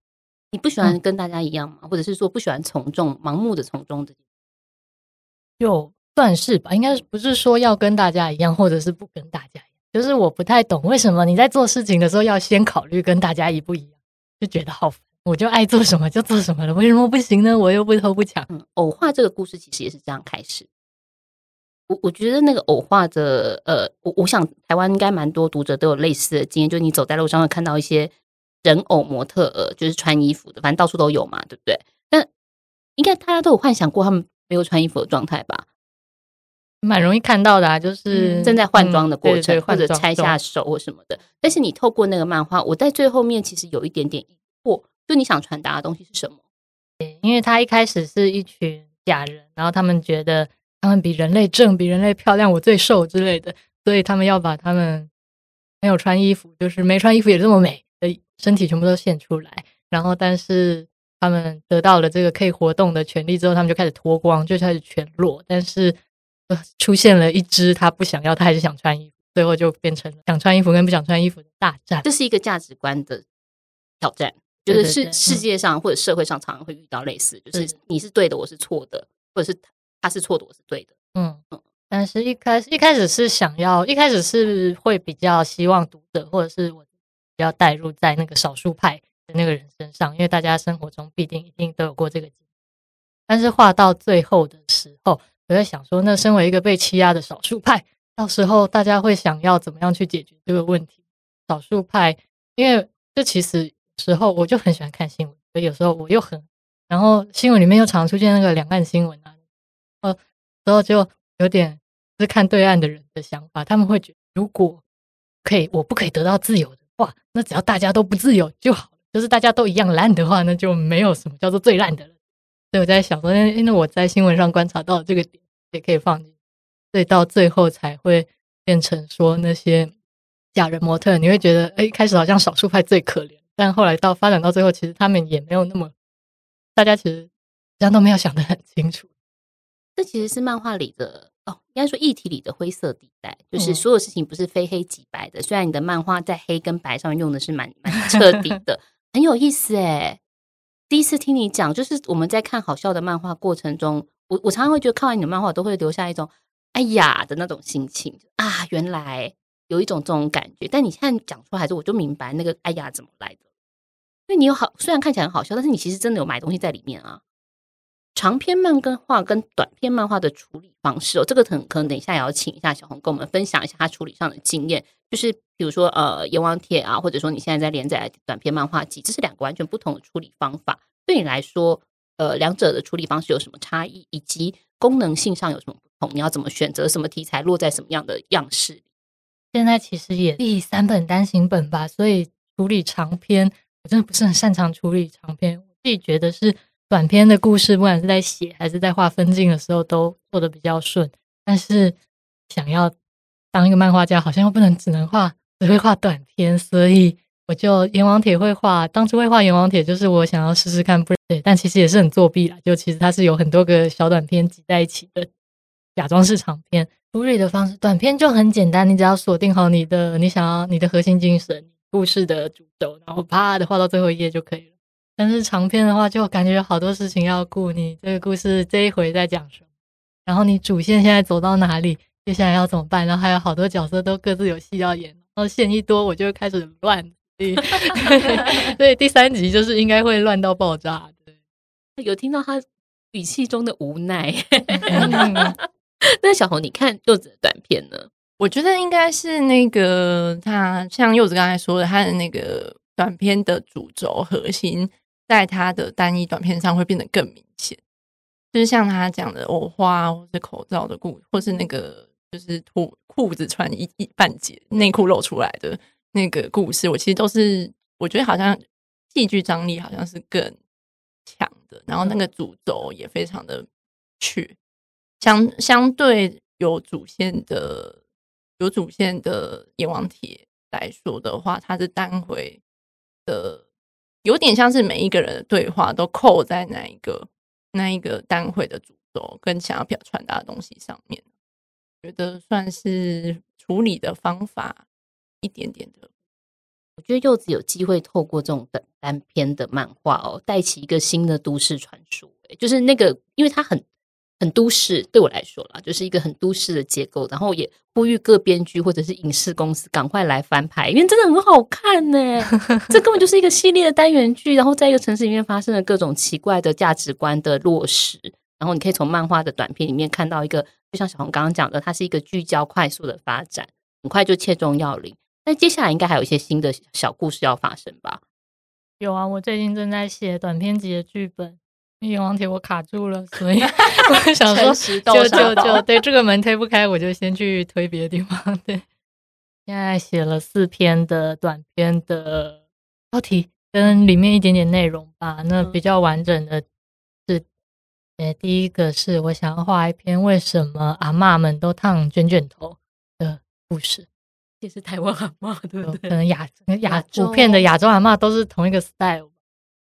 你不喜歡跟大家一樣嗎？嗯、或者是說不喜歡從眾、盲目的從眾的？就算是吧，應該不是說要跟大家一樣，或者是不跟大家一樣。就是我不太懂為什麼你在做事情的時候要先考慮跟大家一不一樣，就覺得好煩。我就愛做什麼就做什麼了，為什麼不行呢？我又不偷不搶。嗯，偶畫這個故事其實也是這樣開始。我我覺得那個偶畫的，呃，我我想台灣應該蠻多讀者都有類似的經驗，就你走在路上會看到一些。人偶模特呃，就是穿衣服的，反正到處都有嘛，對不對？但應該大家都有幻想過他們沒有穿衣服的狀態吧？蠻容易看到的啊，就是、嗯、正在換裝的過程、嗯，或者拆下手或什麼的。但是你透過那個漫畫，我在最後面其實有一點點疑惑，就你想傳達的東西是什麼？對，因為他一開始是一群假人，然後他們覺得他們比人類正，比人類漂亮，我最瘦之類的，所以他們要把他們沒有穿衣服，就是沒穿衣服也這麼美，身體全部都現出來，然後但是他們得到了這個可以活動的權利之後，他們就開始脫光，就開始全裸。但是，呃，出現了一隻他不想要，他還是想穿衣服，最後就變成了想穿衣服跟不想穿衣服的大戰。這是一個價值觀的挑戰，就是世界上或者社會上常常會遇到類似，就是你是對的，我是錯的，或者是他是錯的，我是對的。嗯嗯。但是一開始一開始是想要，一開始是會比較希望讀者或者是我。要帶入在那個少數派的那個人身上，因為大家生活中必定一定都有過這個，但是畫到最後的時候，我在想說，那身為一個被欺壓的少數派，到時候大家會想要怎麼樣去解決這個問題？少數派，因為這其實時候我就很喜歡看新聞，所以有時候我又很，然後新聞裡面又常出現那個兩岸新聞啊，呃，之後就有點是看對岸的人的想法，他們會覺得如果可以，我不可以得到自由的。哇，那只要大家都不自由就好了，就是大家都一樣爛的話，那就沒有什麼叫做最爛的了。所以我在想說，因為我在新聞上觀察到這個點，也可以放進，所以到最後才會變成說那些假人模特，你會覺得，哎、欸，開始好像少數派最可憐，但後來到發展到最後，其實他們也沒有那麼，大家其實好像都沒有想得很清楚。這其實是漫畫裡的。哦，應該說議題裡的灰色地帶，就是所有事情不是非黑即白的。嗯、雖然你的漫畫在黑跟白上用的是蠻蠻徹底的， 很有意思誒、欸、第一次聽你講，就是我們在看好笑的漫畫過程中，我我常常會覺得看完你的漫畫都會留下一種“哎呀”的那種心情啊。原來有一種這種感覺，但你現在講出來之後，我就明白那個“哎呀”怎麼來的。因為你有好，雖然看起來很好笑，但是你其實真的有買東西在裡面啊。長篇漫跟畫跟短篇漫畫的處理方式哦，這個可能等一下也要請一下小紅跟我們分享一下他處理上的經驗。就是比如說呃《閻王帖》啊，或者說你現在在連載的短篇漫畫集，這是兩個完全不同的處理方法。對你來說，呃，兩者的處理方式有什麼差異，以及功能性上有什麼不同？你要怎麼選擇什麼題材，落在什麼樣的樣式？現在其實也第三本單行本吧，所以處理長篇我真的不是很擅長處理長篇，我自己覺得是。短篇的故事，不管是在寫還是在畫分鏡的時候，都做的比較順。但是想要當一個漫畫家，好像又不能只能畫，只會畫短篇。所以我就《閻王帖》會畫，當初會畫《閻王帖》，就是我想要試試看，不對，但其實也是很作弊了。就其實它是有很多個小短篇擠在一起的，假裝是長篇處理的方式。短篇就很簡單，你只要鎖定好你的，你想要你的核心精神、故事的主軸，然後啪的畫到最後一頁就可以了。但是長篇的話，就感覺有好多事情要顧。你這個故事這一回在講什麼？然後你主線現在走到哪裡？接下來要怎麼辦？然後還有好多角色都各自有戲要演。然後線一多，我就開始亂。所以 所以第三集就是應該會亂到爆炸。對。 有聽到他語氣中的無奈。 那小紅，你看柚子的短篇呢？我覺得應該是那個他，像柚子剛才說的，他的那個短篇的主軸核心。在他的單一短片上會變得更明顯，就是像他講的藕花、或是口罩的故，或是那個就是脫褲子，穿一一半截內褲露出來的那個故事，我其實都是我覺得好像戲劇張力好像是更強的，然後那個主軸也非常的去相相對，有主線的有主線的《閻王帖》來說的話，它是單回的。有點像是每一個人的對話都扣在哪一個那一個單會的主軸跟想要表達的東西上面，覺得算是處理的方法一點點的。我覺得柚子有機會透過這種單篇的漫畫哦，帶起一個新的都市傳說，欸，就是那個，因為它很。很都市，對我來說啦，就是一個很都市的結構。然後也呼籲各編劇或者是影視公司，趕快來翻拍，因為真的很好看呢、欸。 這根本就是一個系列的單元劇，然後在一個城市裡面發生了各種奇怪的價值觀的落實。然後你可以從漫畫的短片裡面看到一個，就像小紅剛剛講的，它是一個聚焦快速的發展，很快就切中要領。但接下來應該還有一些新的小故事要發生吧？有啊，我最近正在寫短篇集的劇本。閻王帖，我卡住了，所以我想說，就就就對這個門推不開，我就先去推別的地方。對，現在寫了四篇的短篇的標題跟裡面一點點內容吧。那比較完整的是，是、嗯、呃、欸，第一個是我想要畫一篇為什麼阿嬤們都燙卷卷頭的故事。其實台灣阿嬤，對不對？可能亞亞洲，洲，洲片的亞洲阿嬤都是同一個 style，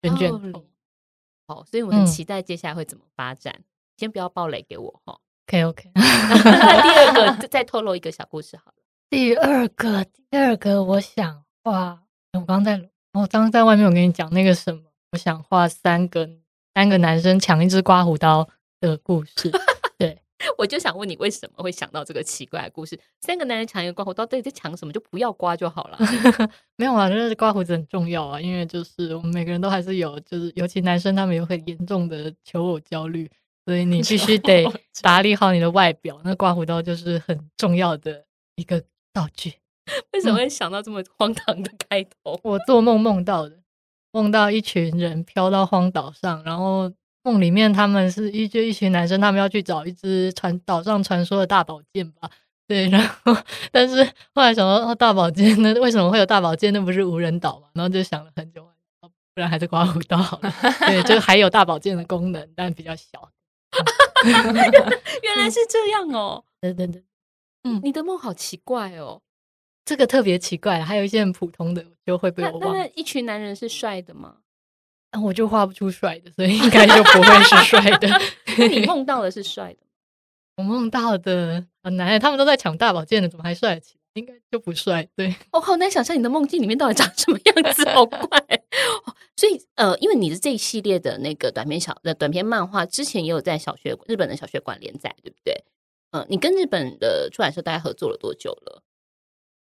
卷卷頭。哦，所以我很期待接下來會怎麼發展。嗯、先不要暴雷給我哈、哦。OK OK。 那那第二個， 再透露一個小故事，好了。第二個，第二個，我想畫。我剛在，我、哦、剛，剛在外面，我跟你講那個什麼，我想畫三個三個男生搶一隻刮鬍刀的故事。 我就想問你，為什麼會想到這個奇怪的故事？三個男人搶一個刮鬍刀，到底在搶什麼？就不要刮就好了。 沒有啊，真、就是刮鬍子很重要啊，因為就是我們每個人都還是有，就是尤其男生他們也有很嚴重的求偶焦慮，所以你必須得打理好你的外表。 那刮鬍刀就是很重要的一個道具。為什麼會想到這麼荒唐的開頭？嗯、我做夢夢到的，夢到一群人飄到荒島上，然後。夢裡面他們是一，一就一群男生，他們要去找一隻傳島上傳說的大寶劍吧，對，然後但是後來想到，哦，大寶劍那為什麼會有大寶劍？那不是無人島嘛？然後就想了很久，哦、不然還是刮鬍刀好了， 對，就還有大寶劍的功能，但比較小。 原來是這樣哦，等等等，嗯，你的夢好奇怪哦，這個特別奇怪，還有一些很普通的就會被我忘。那，那，那一群男人是帥的嗎？我就畫不出帥的，所以應該就不會是帥的。 對 那你夢到的是帥的，我夢到的很難，啊。他們都在搶大寶劍呢，怎麼還帥得起？應該就不帥。對，我，哦，好難想象你的夢境裡面到底長什麼樣子，好怪。 所以呃，因為你的這一系列的那個短篇小的短篇漫畫，之前也有在小學日本的小學館連載，對不對？嗯、呃，你跟日本的出版社大概合作了多久了？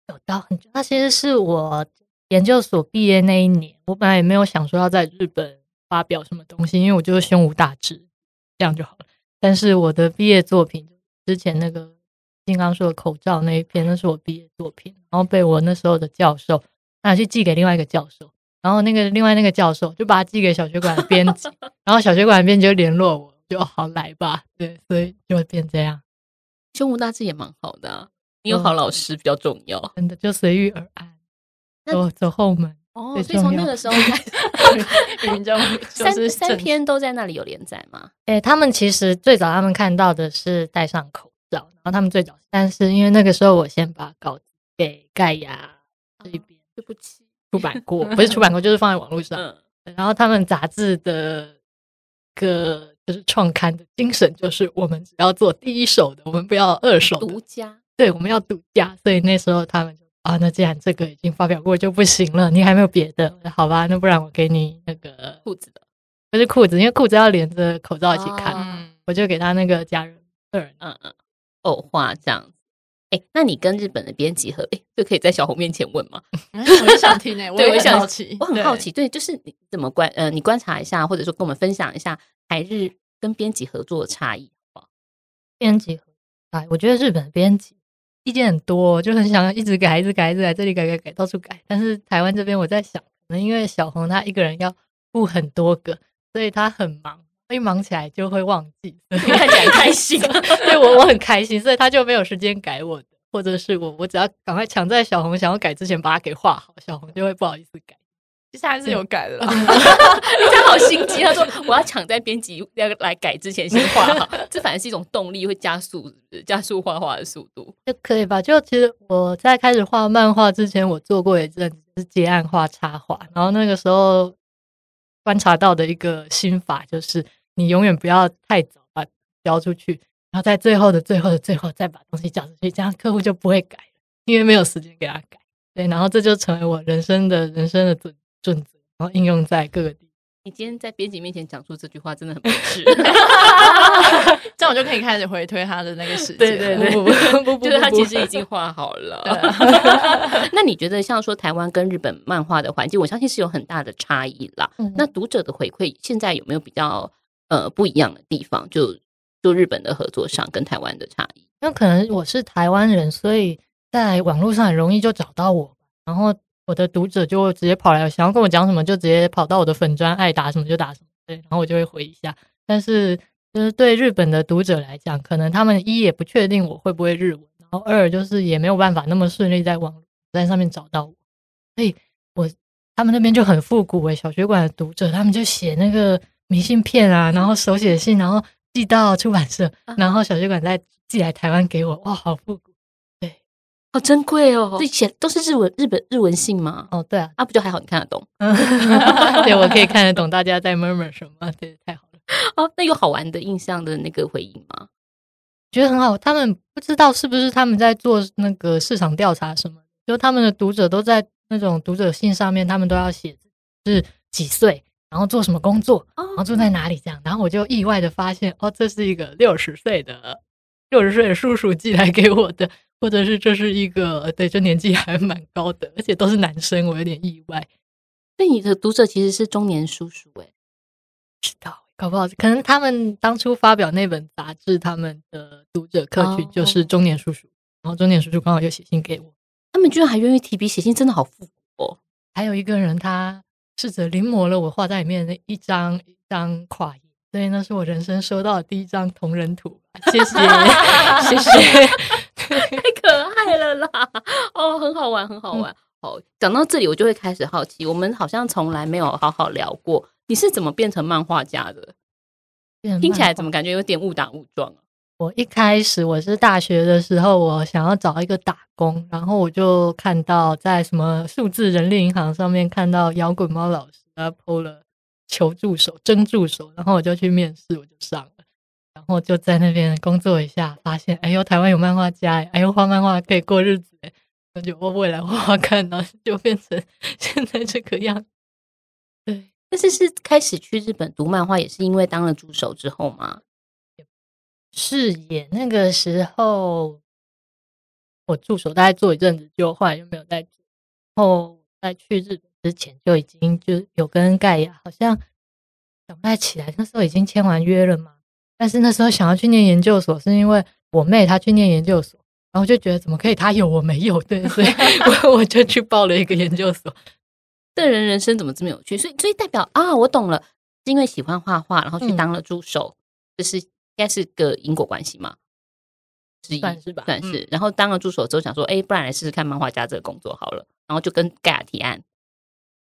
有到很久了，那其實是我。研究所畢業那一年，我本來也沒有想說要在日本發表什麼東西，因為我就是胸無大志，這樣就好了。但是我的畢業作品，之前那個《金剛說的口罩》那一篇，那是我畢業作品，然後被我那時候的教授拿去寄給另外一個教授，然後那個另外那個教授就把它寄給《小學館》的編輯，然後《小學館》的編輯就聯絡我，就好來吧，對，所以就會變這樣。胸無大志也蠻好的啊，你有好老師比較重要，真的就隨遇而安。走走後門哦，所以從那個時候開始 三，三 三篇都在那裡有連載嗎？哎、欸，他們其實最早他們看到的是戴上口罩，然後他們最早，但是因為那個時候我先把稿子給蓋亞這邊，對不起，出版過不是出版過， 就是放在網絡上、嗯。然後他們雜誌的個就是創刊的精神，就是我們只要做第一手的，我們不要二手、獨家，對，我們要獨家、啊，所以那時候他們。啊，那既然這個已經發表過就不行了。你還沒有別的？好吧，那不然我給你那個褲子的，不是褲子，因為褲子要連着口罩一起看，哦，我就給他那個家人。嗯嗯嗯，哦，畫這樣。哎、欸，那你跟日本的編輯合？哎、欸，這可以在小紅面前問嗎？嗯，我想聽欸、 我也想聽。哎，對我也好奇，我很好奇，對，對就是你怎麼觀呃，你觀察一下，或者說跟我們分享一下台日跟編輯合，合作差異編輯和哎，我覺得日本的編輯。意見很多，就很想要一直改，一直改，一直改，這裡改，改改，到處改。但是台灣這邊，我在想，可能因為小紅她一個人要顧很多個，所以她很忙，一忙起來就會忘記。看起來很開心，所 以我我很開心，所以他就沒有時間改我的，或者是我，我只要趕快搶在小紅想要改之前把它給畫好，小紅就會不好意思改。其實還是有改了的， 他好心機。他說：“我要搶在編輯要來改之前先畫好，這反而是一種動力，會加速加速畫畫的速度。 ”就可以吧？就其實我在開始畫漫畫之前，我做過一陣子是接案畫插畫，然後那個時候觀察到的一個心法就是：你永遠不要太早把、啊、交出去，然後在最後的最後的最後再把東西交出去，這樣客戶就不會改了，因為沒有時間給他改。對，然後這就成為我人生的人生的準。準則，然後應用在各個地。你今天在編輯面前講出這句話，真的很不適。這樣我就可以開始回推他的那個時間。對對對，不不不不就是他其實已經畫好了 對、啊。 那你覺得，像說台灣跟日本漫畫的環境，我相信是有很大的差異啦、嗯。那讀者的回饋，現在有沒有比較呃不一樣的地方？就就日本的合作上跟台灣的差異？那可能我是台灣人，所以在網絡上很容易就找到我，然後。我的讀者就會直接跑來，想要跟我講什麼，就直接跑到我的粉專，愛打什麼就打什麼，對，然後我就會回一下。但是，就是對日本的讀者來講，可能他們一也不確定我會不會日文，然後二就是也沒有辦法那麼順利在網站上面找到我。所以我，我他們那邊就很復古哎、欸，小學館的讀者他們就寫那個明信片啊，然後手寫信，然後寄到出版社，然後小學館再寄來台灣給我，哇，好復古。好珍貴哦！這些都是日文，日本日文信嗎？哦，對啊，那、啊、不就還好，你看得懂？ 對，我可以看得懂大家在 murmur 什麼？對，太好了。哦，那有好玩的印象的那個回應嗎？覺得很好。他們不知道是不是他們在做那個市場調查什麼？就他們的讀者都在那種讀者信上面，他們都要寫，是幾歲，然後做什麼工作，然後住在哪裡這樣。哦、然後我就意外的發現，哦，這是一個六十歲的。或者是叔叔寄來給我的，或者是這是一個對，這年紀還蠻高的，而且都是男生，我有點意外。那你的讀者其實是中年叔叔？哎、欸，不知道，搞不好可能他們當初發表那本雜誌，他們的讀者客群就是中年叔叔，哦、然後中年叔叔剛好就寫信給我。他們居然還願意提筆寫信，真的好復古哦。還有一個人，他試着臨摹了我畫在裡面的一張一張跨頁。所以那是我人生收到的第一張同人圖，謝謝，謝謝，太可愛了啦！哦，很好玩，很好玩。嗯、好，講到這裡，我就會開始好奇，我們好像從來沒有好好聊過，你是怎麼變成漫畫家，家的？聽起來怎麼感覺有點誤打誤撞啊？我一開始我是大學的時候，我想要找一個打工，然後我就看到在什麼數字人力銀行上面看到搖滾貓老師啊，PO 了。求助手，徵助手，然後我就去面試，我就上了，然後就在那邊工作一下，發現哎呦，台灣有漫畫家，哎呦，畫漫畫可以過日子，感覺我未來畫畫看，到就變成現在這個樣子。對，但是是開始去日本讀漫畫，也是因為當了助手之後嗎？是也，那個時候我助手大概做一陣子就壞，就沒有再做，然後再去日本。之前就已經就有跟蓋亞好像想不太起來，那時候已經簽完約了嘛，但是那時候想要去念研究所，是因為我妹她去念研究所，然後就覺得怎麼可以她有我沒有。對，所以我就去報了一個研究所。但 人人生怎麼這麼有趣？所以所以代表啊，我懂了，是因為喜歡畫畫，然後去當了助手，這、嗯就是應該是個因果關係嘛？算是吧，算是、嗯。然後當了助手之後想說，哎、欸，不然來試試看漫畫家這個工作好了，然後就跟蓋亞提案。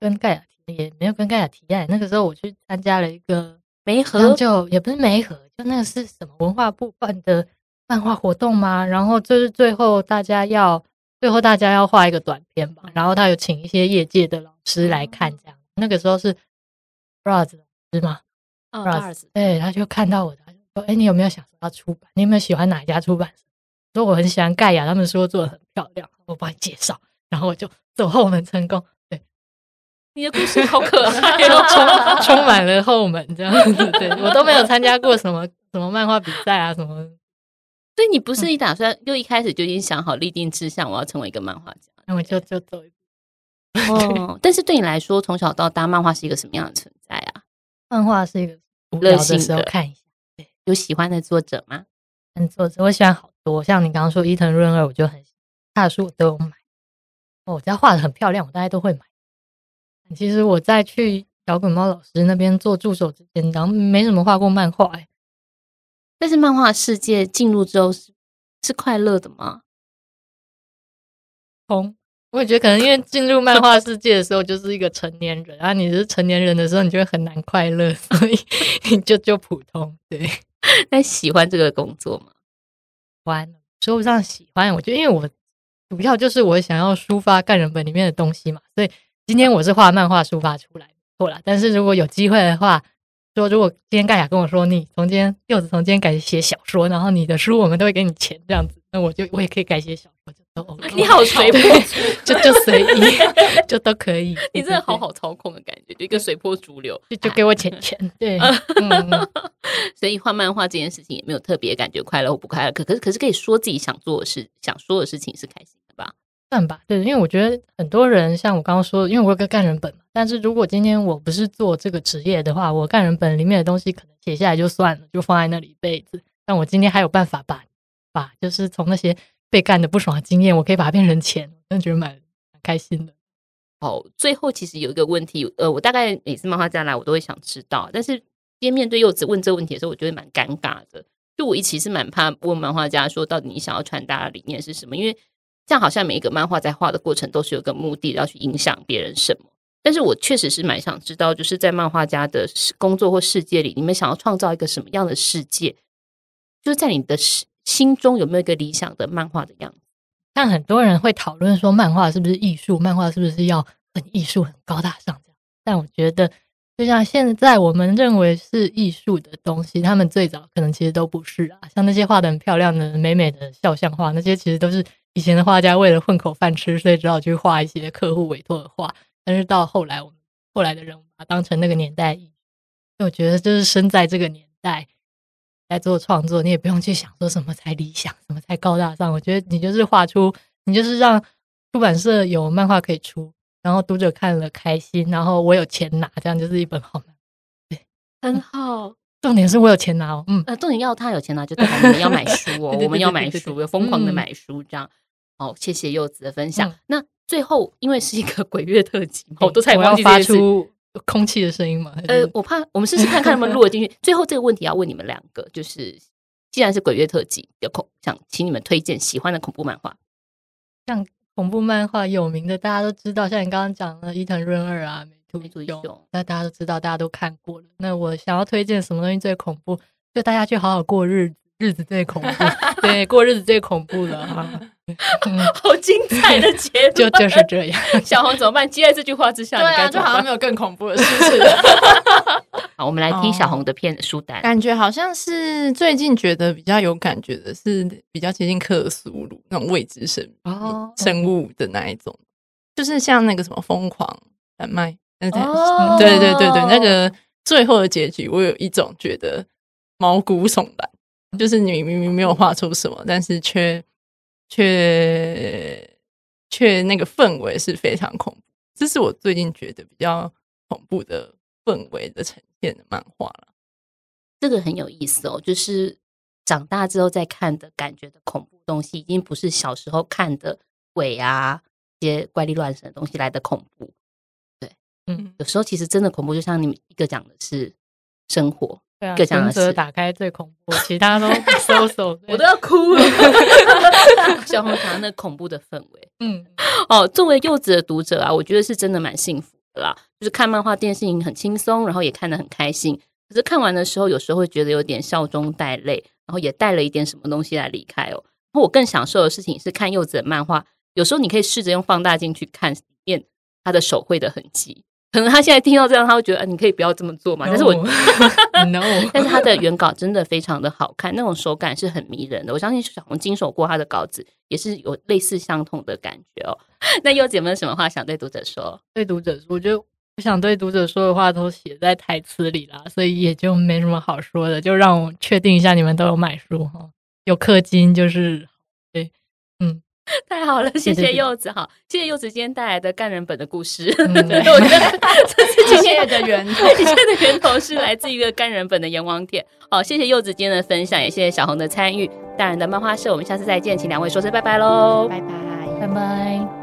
跟蓋亞提也沒有跟蓋亞提案，那個時候我去參加了一個媒合，沒盒就也不是媒合，就那個是什麼文化部辦的漫畫活動嗎？然後就是最後大家要最後大家要畫一個短片吧，然後他有請一些業界的老師來看，這樣、嗯、那個時候是 Broz 的老師嗎？Broz 對，他就看到我的，他就說：“哎、欸，你有沒有想說要出版？你有沒有喜歡哪一家出版社？”我說我很喜歡蓋亞，他們說做的很漂亮，我幫你介紹。然後我就走後門成功。你的故事好可愛、哦， 充充滿了後門這樣子。對我都沒有參加過什麼什麼漫畫比賽啊，什麼。 所以你不是一打算又一開始就已經想好立定志向，我要成為一個漫畫家，那我就就走。哦，但是對你來說，從小到大漫畫是一個什麼樣的存在啊？漫畫是一個無聊的時候看一下，對，有喜歡的作者嗎？嗯，作者，我喜歡好多，像你剛剛說伊藤潤二，我就很喜歡他的書我都買。哦，只要畫的很漂亮，我大概都會買。其實我在去搖滾貓老師那邊做助手之前，然後沒怎麼畫過漫畫。欸、但是漫畫世界進入之後是，是是快樂的嗎？通，我也覺得可能，因為進入漫畫世界的時候就是一個成年人啊。 然後你是成年人的時候，你就會很難快樂，所以你就就普通。對，但喜歡這個工作嗎？歡，說不上喜歡，我覺得因為我主要就是我想要抒發干人本裡面的東西嘛，所以。今天我是畫漫畫抒發出來，錯了。但是如果有機會的話，說如果今天蓋亞跟我說你從今天柚子從今天改寫小說，然後你的書我們都會給你錢這樣子，那我就我也可以改寫小說，就都 OK。你好，隨 波就就隨意，就都可以。你真的好好操控的感覺， 就一個隨波逐流，就就給我錢錢。 對，嗯。 所以畫漫畫這件事情也沒有特別感覺快樂或不快樂，可可是可是可以說自己想做的事，想說的事情是開心的。算吧，對，因為我覺得很多人像我剛剛說，因為我有個幹人本嘛。但是如果今天我不是做這個職業的話，我幹人本裡面的東西可能寫下來就算了，就放在那裡一輩子。但我今天還有辦法把把，就是從那些被幹的不爽的經驗，我可以把它變成錢，真覺得蠻，蠻開心的。好，最後其實有一個問題，呃，我大概每次漫畫家來，我都會想知道，但是今天面對柚子問這個問題的時候，我覺得蠻尷尬的。就我一其實蠻怕問漫畫家說，到底你想要傳達的理念是什麼，因為。像好像每一個漫畫在畫的過程都是有個目的，要去影響別人什麼。但是我確實是蠻想知道，就是在漫畫家的工作或世界裡，你們想要創造一個什麼樣的世界？就是在你的心中有沒有一個理想的漫畫的樣子？但很多人會討論說，漫畫是不是藝術？漫畫是不是要很藝術、很高大上？這樣？但我覺得，就像現在我們認為是藝術的東西，他們最早可能其實都不是啊。像那些畫得很漂亮的、美美的肖像畫，那些其實都是。以前的畫家為了混口飯吃，所以只好去畫一些客戶委托的畫。但是到後來，我們後來的人把它當成那個年代。我覺得，就是生在這個年代，在做創作，你也不用去想說什麼才理想，什麼才高大上。我覺得你就是畫出，你就是讓出版社有漫畫可以出，然後讀者看了開心，然後我有錢拿，這樣就是一本好漫。對，很好。重點是我有錢拿哦，嗯，呃，重點要他有錢拿，就代表我們要買書哦， 對對對對對，我們要買書，要瘋狂的買書，這樣、嗯。好，謝謝柚子的分享、嗯。那最後，因為是一個鬼月特輯，好多菜，我要發出空氣的聲音嗎？呃，我怕，我們試試看看能不能錄得進去。 最後這個問題要問你們兩個，就是既然是鬼月特輯有恐，想請你們推薦喜歡的恐怖漫畫，像恐怖漫畫有名的，大家都知道，像你剛剛講的伊藤潤二啊。土，土那大家都知道，大家都看過了。那我想要推薦什麼東西最恐怖？就大家去好好過日日子最恐怖， 對，過日子最恐怖了哈、啊 嗯。好精彩的結果。 就就是這樣。小紅怎麼辦？接下來這句話之下，對啊，對啊就好像沒有更恐怖的事情。好，我們來聽小紅的片書單、 哦，感覺好像是最近覺得比較有感覺的是比較接近克蘇魯那種未知生生、哦、物的那一種、哦，就是像那個什麼瘋狂販賣。蕾蕾 嗯、 對對對對，那個最後的結局，我有一種覺得毛骨悚然。就是你明明明沒有畫出什麼，但是卻卻卻那個氛圍是非常恐怖。這是我最近覺得比較恐怖的氛圍的呈現的漫畫了。這個很有意思哦，就是長大之後再看的感覺的恐怖東西，已經不是小時候看的鬼啊、一些怪力亂神的東西來的恐怖。嗯，有時候其實真的恐怖，就像你們一個講的是生活，對啊、一個講的是打開最恐怖， 其他都收手 對，我都要哭了。 小紅糖那恐怖的氛圍，嗯，哦，作為柚子的讀者啊，我覺得是真的蠻幸福的啦，就是看漫畫、電視很輕鬆，然後也看得很開心。可是看完的時候，有時候會覺得有點笑中帶淚，然後也帶了一點什麼東西來離開哦、喔。然後我更享受的事情是看柚子的漫畫，有時候你可以試着用放大鏡去看裡面他的手繪的痕跡。可能他現在聽到這樣，他會覺得，哎，你可以不要這麼做嘛。No, 但是，我 ，no，但是他的原稿真的非常的好看，那種手感是很迷人的。我相信小紅經手過他的稿子，也是有類似相同的感覺哦。 那柚子有沒有什麼話想對讀者說？對讀者說，我就我想對讀者說的話都寫在台詞裡了，所以也就沒什麼好說的。就讓我確定一下，你們都有買書哈，有氪金就是對，嗯。太好了，謝謝柚子，對對對，好，謝謝柚子今天帶來的干人本的故事，我覺得這是今天的源頭，今 天的源頭是來自於一個干人本的閻王帖。好，謝謝柚子今天的分享，也謝謝小紅的參與，大人的漫畫社，我們下次再見，請兩位說聲拜拜嘍。嗯，拜拜，拜拜。拜拜。